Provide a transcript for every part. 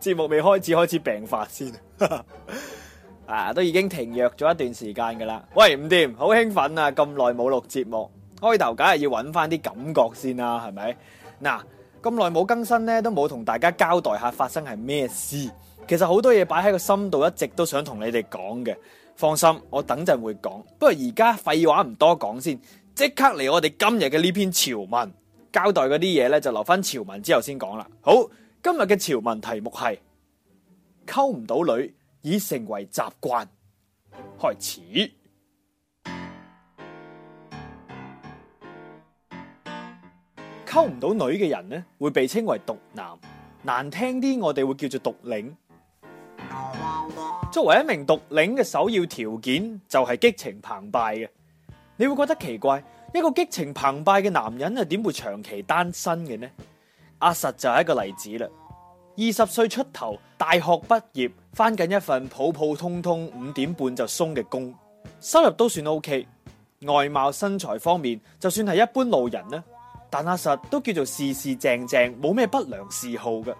節 目未開始，開始病發先啊， 啊！都已經停藥咗一段時間噶啦。喂，唔掂，好興奮啊！咁耐冇錄節目，開頭梗係要揾翻啲感覺先啦，啊，係咪？嗱，啊，咁耐冇更新呢，都冇同大家交代下發生係咩事。其實好多嘢擺喺個心度，一直都想同你哋講嘅。放心，我等陣會講。不過而家廢話唔多講先，即刻嚟我哋今日嘅呢篇潮文交代嗰啲嘢呢，就留翻潮文之後先講啦。好。今日嘅潮文題目係溝唔到女已成為習慣，開始。溝唔到女嘅人呢，會被稱為毒男，難聽啲我哋會叫做毒領。作為一名毒領嘅首要條件就係激情澎湃嘅。你會覺得奇怪，一個激情澎湃嘅男人係點會長期單身嘅呢？阿實就係一個例子啦。二十歲出頭，大學畢業，返緊一份普普通通五點半就鬆嘅工，收入都算 OK。外貌身材方面，就算係一般路人呢，但阿實都叫做事事正正，冇咩不良嗜好嘅。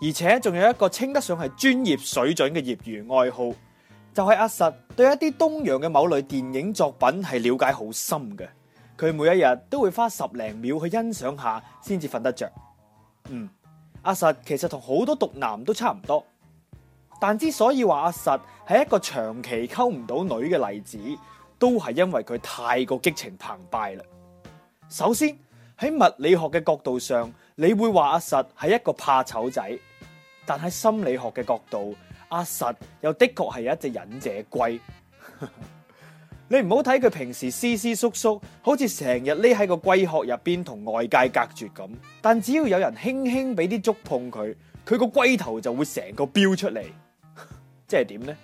而且仲有一個稱得上係專業水準嘅業餘愛好，就係、是、阿實對一啲東洋嘅某類電影作品係了解好深嘅。佢每一日都會花十零秒去欣賞下才，先至瞓得着。嗯，阿實其實同好多毒男都差唔多，但之所以話阿實係一個長期溝唔到女嘅例子，都係因為佢太過激情澎湃啦。首先喺物理學嘅角度上，你會話阿實係一個怕醜仔，但喺心理學嘅角度，阿實又的確係一隻忍者龜。 你唔好睇佢平時思思縮縮，好似成日匿喺個龜殼入邊同外界隔絕咁。但只要有人輕輕俾啲觸碰佢，佢個龜頭就會成個飆出嚟。 即係點呢？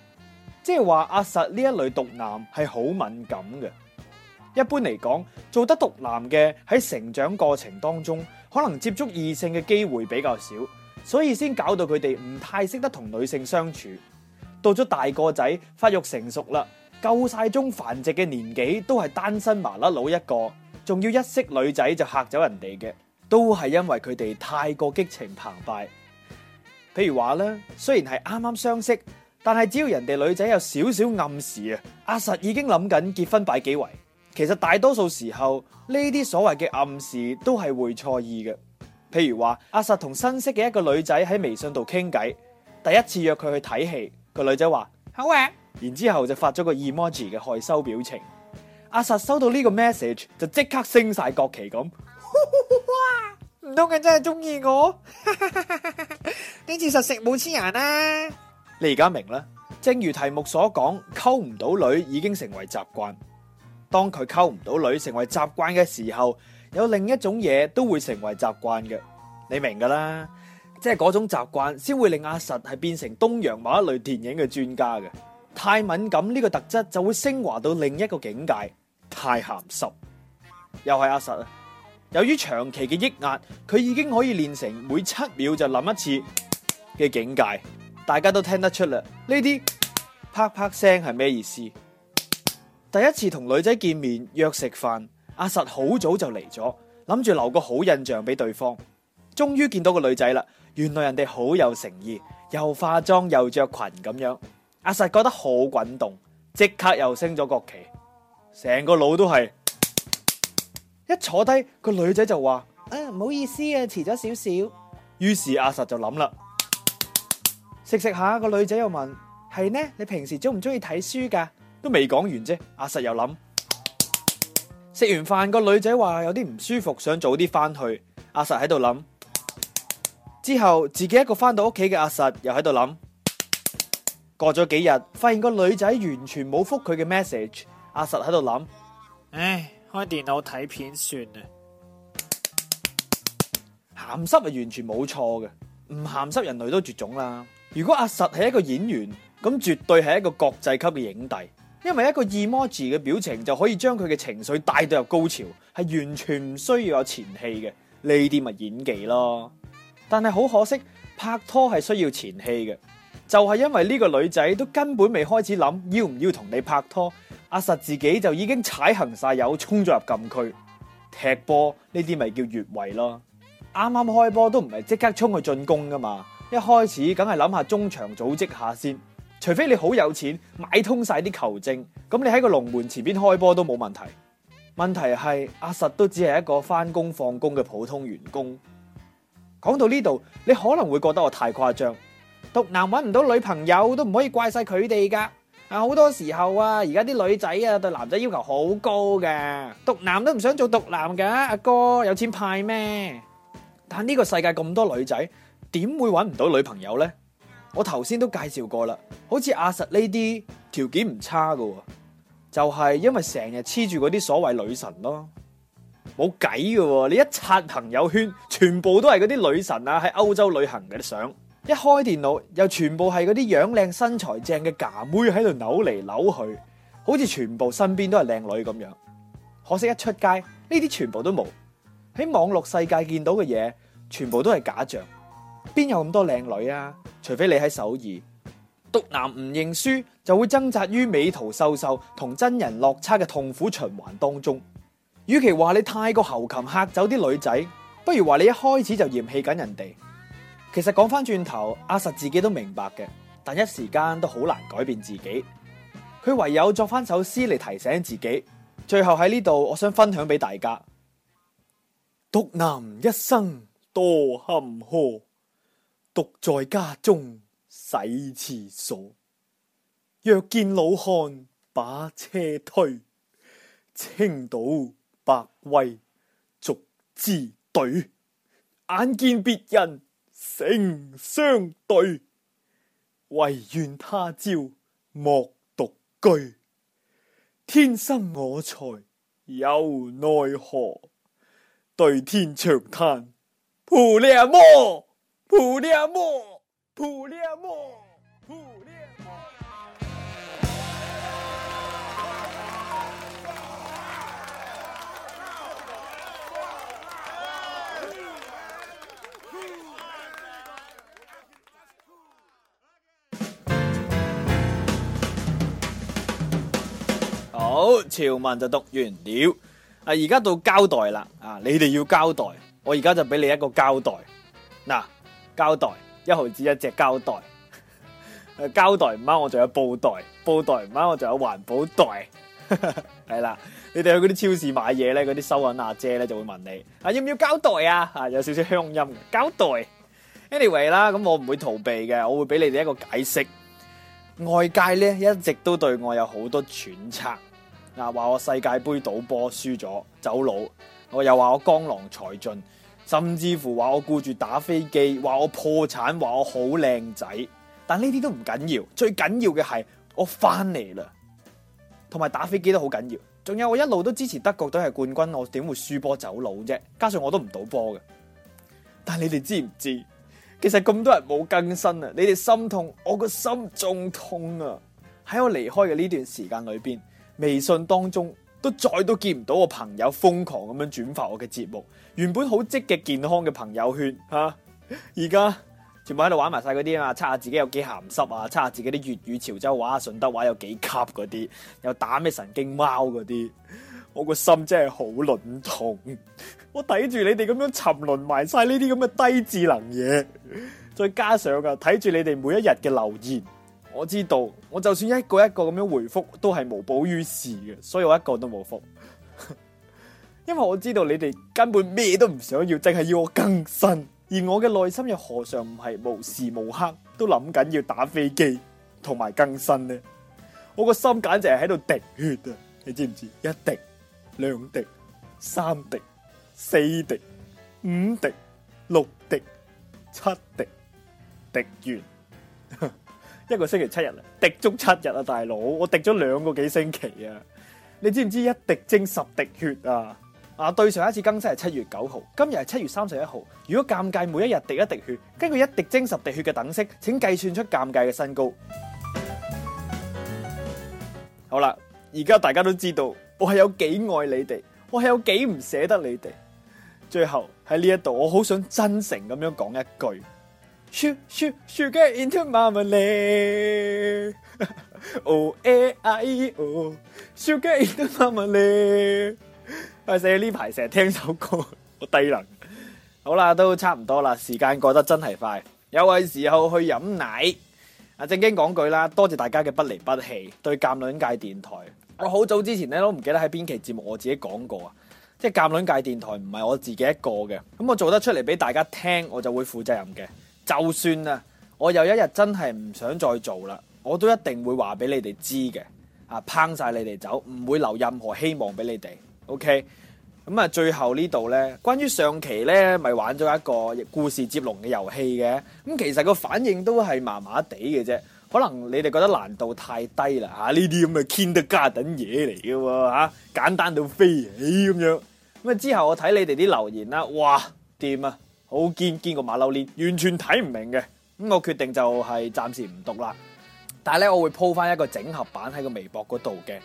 即係話阿實呢一類毒男係好敏感嘅。一般嚟講，做得毒男嘅喺成長過程當中，可能接觸異性嘅機會比較少，所以先搞到佢哋唔太識得同女性相處。到咗大個仔，發育成熟啦。夠晒中繁殖嘅年紀都係單身麻甩佬一個，仲要一識女仔就吓走人哋嘅，都係因為佢哋太過激情澎湃。譬如話咧，雖然係啱啱相識，但係只要人哋女仔有少少暗示啊，阿實已經諗緊結婚擺幾圍。其實大多數時候呢啲所謂嘅暗示都係會錯意嘅。譬如話，阿實同新識嘅一個女仔喺微信度傾偈，第一次約佢去睇戲，個女仔話好啊。然之後就發咗個 emoji 嘅害羞表情。阿實收到呢個 message 就即刻升晒國旗咁，唔通佢真係中意我？呢 次實食冇黐牙啦、啊！你而家明啦？正如題目所講，溝唔到女已經成為習慣。當佢溝唔到女成為習慣嘅時候，有另一種嘢都會成為習慣嘅。你明噶啦？即係嗰種習慣先會令阿實係變成東洋某一類電影嘅專家嘅。太敏感呢個特質就會升華到另一個境界，太鹹濕。又係阿實啊！由於長期嘅抑壓，佢已經可以練成每七秒就諗一次嘅境界。大家都聽得出啦，呢啲啪啪聲係咩意思？第一次同女仔見面約食飯，阿實好早就嚟咗，諗住留個好印象俾對方。終於見到個女仔啦，原來人哋好有誠意，又化妝又着裙咁樣。阿實覺得好滾動，即刻又升咗國旗，成個腦都係。一坐低，個女仔就話：誒，唔好意思啊，遲咗少少。於是阿實就諗啦，食食下個女仔又問：係呢？你平時中唔中意睇書噶？都未講完啫。阿實又諗。食完飯個女仔話有啲唔舒服，想早啲翻去。阿實喺度諗。之後自己一個翻到屋企嘅阿實又喺度諗。過咗幾日，發現個女仔完全冇覆佢嘅 message。阿實喺度諗，唉，開電腦睇片算啦。鹹濕係完全冇錯嘅，唔鹹濕人類都絕種啦。如果阿實係一個演員，咁絕對係一個國際級嘅影帝，因為一個 emoji 嘅表情就可以將佢嘅情緒帶到入高潮，係完全唔需要有前戲嘅。呢啲咪演技咯。但係好可惜，拍拖係需要前戲嘅。就係因為呢個女仔都根本未開始諗要唔要同你拍拖，阿實自己就已經踩行晒油衝咗入禁區踢波呢啲咪叫越位咯。啱啱開波都唔係即刻衝去進攻噶嘛，一開始梗係諗下中場組織下先，除非你好有錢買通晒啲球證，咁你喺個龍門前邊開波都冇問題。問題係阿實都只係一個翻工放工嘅普通員工。講到呢度，你可能會覺得我太誇張。獨男搵唔到女朋友都唔可以怪晒佢哋噶。啊好多時候啊，而家啲女仔啊對男仔要求好高噶，獨男都唔想做獨男噶，阿哥有錢派咩？但呢個世界咁多女仔，點會搵唔到女朋友呢？我頭先都介紹過啦，好似阿實呢啲條件唔差噶，就係因為成日黐住嗰啲所謂女神咯，冇計噶喎，你一刷朋友圈，全部都係嗰啲女神啊喺歐洲旅行嘅啲相。一開電腦又全部係嗰啲樣靚身材正嘅假妹喺度扭嚟扭去，好似全部身邊都係靚女咁樣。可惜一出街呢啲全部都冇。喺網絡世界見到嘅嘢，全部都係假象，邊有咁多靚女啊？除非你喺首爾毒男唔認輸，就會掙扎於美圖秀秀同真人落差嘅痛苦循環當中。與其話你太過猴擒嚇走啲女仔，不如話你一開始就嫌棄緊人哋。其實講翻轉頭，阿實自己都明白嘅，但一時間都好難改變自己。佢唯有作翻首詩嚟提醒自己。最後喺呢度，我想分享俾大家：獨男一生多坎坷，獨在家中洗廁所。若見老漢把車推，青島百威逐之堆，眼見別人。成相對，唯願他朝莫獨居。天生我才又奈何？對天長嘆：菩良魔，菩良魔，菩良魔。潮文就讀完了，啊！而家到交代啦，啊！你哋要交代，我而家就俾你一個交代。嗱，交代一毫子一隻膠袋，膠袋唔啱我，就有布袋，布袋唔啱我，就有環保袋。係啦，你哋去嗰啲超市買嘢咧，嗰啲收銀阿姐咧就會問你，啊，要唔要膠袋啊？啊，有少少鄉音，膠袋。anyway 啦，咁我唔會逃避嘅，我會俾你哋一個解釋。外界咧一直都對我有好多揣測。嗱，話我世界盃賭波輸咗走佬，我又話我江郎才盡，甚至乎話我顧住打飛機，話我破產，話我好靚仔，但呢啲都唔緊要，最緊要嘅係我翻嚟啦，同埋打飛機都好緊要，仲有我一路都支持德國隊係冠軍，我點會輸波走佬啫？加上我都唔賭波嘅，但你哋知唔知？其實咁多人冇更新啊，你哋心痛，我個心仲痛啊！喺我離開嘅呢段時間裏邊。微信當中都再都見唔到個朋友瘋狂咁樣轉發我嘅節目，原本好積極健康嘅朋友圈，吓而家全部喺度玩埋晒嗰啲啊嘛，測下自己有幾咸濕啊，測下自己啲粵語潮州話、順德話有幾級嗰啲，又打咩神經貓嗰啲，我個心真係好卵痛，我抵住你哋咁樣沉淪埋晒呢啲咁嘅低智能嘢，再加上啊，睇住你哋每一日嘅留言。我知道，我就算一個一個咁樣回覆，都係無補於事嘅，所以我一個都冇覆。 因為我知道你哋根本咩都唔想要，淨係要我更新，而我嘅內心又何嘗唔係無時無刻都諗緊要打飛機同埋更新呢？我個心簡直係喺度滴血啊！你知唔知？一滴、兩滴、三滴、四滴、五滴、六滴、七滴，滴完。 一個星期七日，滴足七日啊，大佬，我滴咗兩個幾星期啊！你知唔知一滴精十滴血啊？啊，對上一次更新係七月九號，今日係七月三十一號。如果尷尬每一日滴一滴血，根據一滴精十滴血嘅等式，請計算出尷尬嘅身高。好啦，而家大家都知道我係有幾愛你哋，我係有幾唔捨得你哋。最後喺呢一度，我好想真誠咁樣講一句。Sugar into marmalade, o a i o, sugar into marmalade。 哎，死啊！呢排成日聽首歌，好低能。 好啦，都差唔多啦，時間過得真係快。有位時候去飲奶，啊，正經講句啦，多謝大家嘅不離不棄，對鑒卵界電台。我好早之前咧都唔記得喺邊期節目我自己講過啊，即係鑒卵界電台唔係我自己一個嘅，咁我做得出嚟俾大家聽，我就會負責任嘅。就算啊，我有一日真係唔想再做啦，我都一定會話俾你哋知嘅，啊，拋晒你哋走，唔會留任何希望俾你哋。OK，咁啊，最後呢度咧，關於上期咧，咪玩咗一個故事接龍嘅遊戲嘅，咁其實個反應都係麻麻地嘅啫，可能你哋覺得難度太低啦，吓呢啲咁嘅 kindergarten 嘢嚟嘅喎，吓、啊、簡單到飛起咁樣，咁啊之後我睇你哋啲留言啦，哇，掂啊！冇見見過馬騮鏈，完全睇唔明嘅，咁我決定就係暫時唔讀啦。但係咧我會鋪翻一個整合版喺個微博嗰度嘅。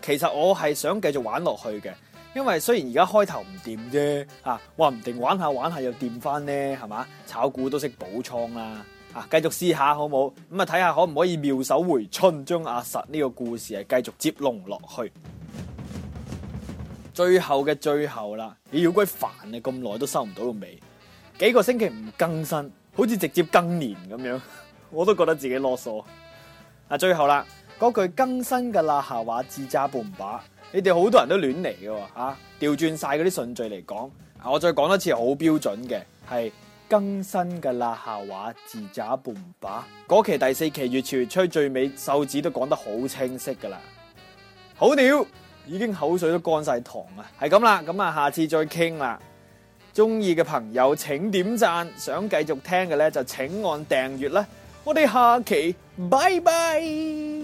其實我係想繼續玩落去嘅，因為雖然而家開頭唔掂啫，吓話唔定玩下玩下又掂翻呢，係嘛？炒股都識補倉啦，啊，繼續試下好唔好？咁啊睇下可唔可以妙手回春，將阿實呢個故事係繼續接龍落去。最後嘅最後啦，你要鬼煩啊！咁耐都收唔到個尾。幾個星期唔更新，好似直接更年咁樣，我都覺得自己囉嗦。啊，最後啦，嗰句更新噶啦下話字扎半把，bomba，你哋好多人都亂嚟嘅吓，調轉晒嗰啲順序嚟講，我再講一次，好標準嘅係更新噶啦下話字扎半把。嗰期第四期越潮越吹最尾，手指都講得好清晰噶啦。好屌，已經口水都乾晒糖啊，係咁啦，咁啊，下次再傾啦。鍾意嘅朋友請點讚，想繼續聽嘅咧就請按訂閱啦，我哋下期拜拜。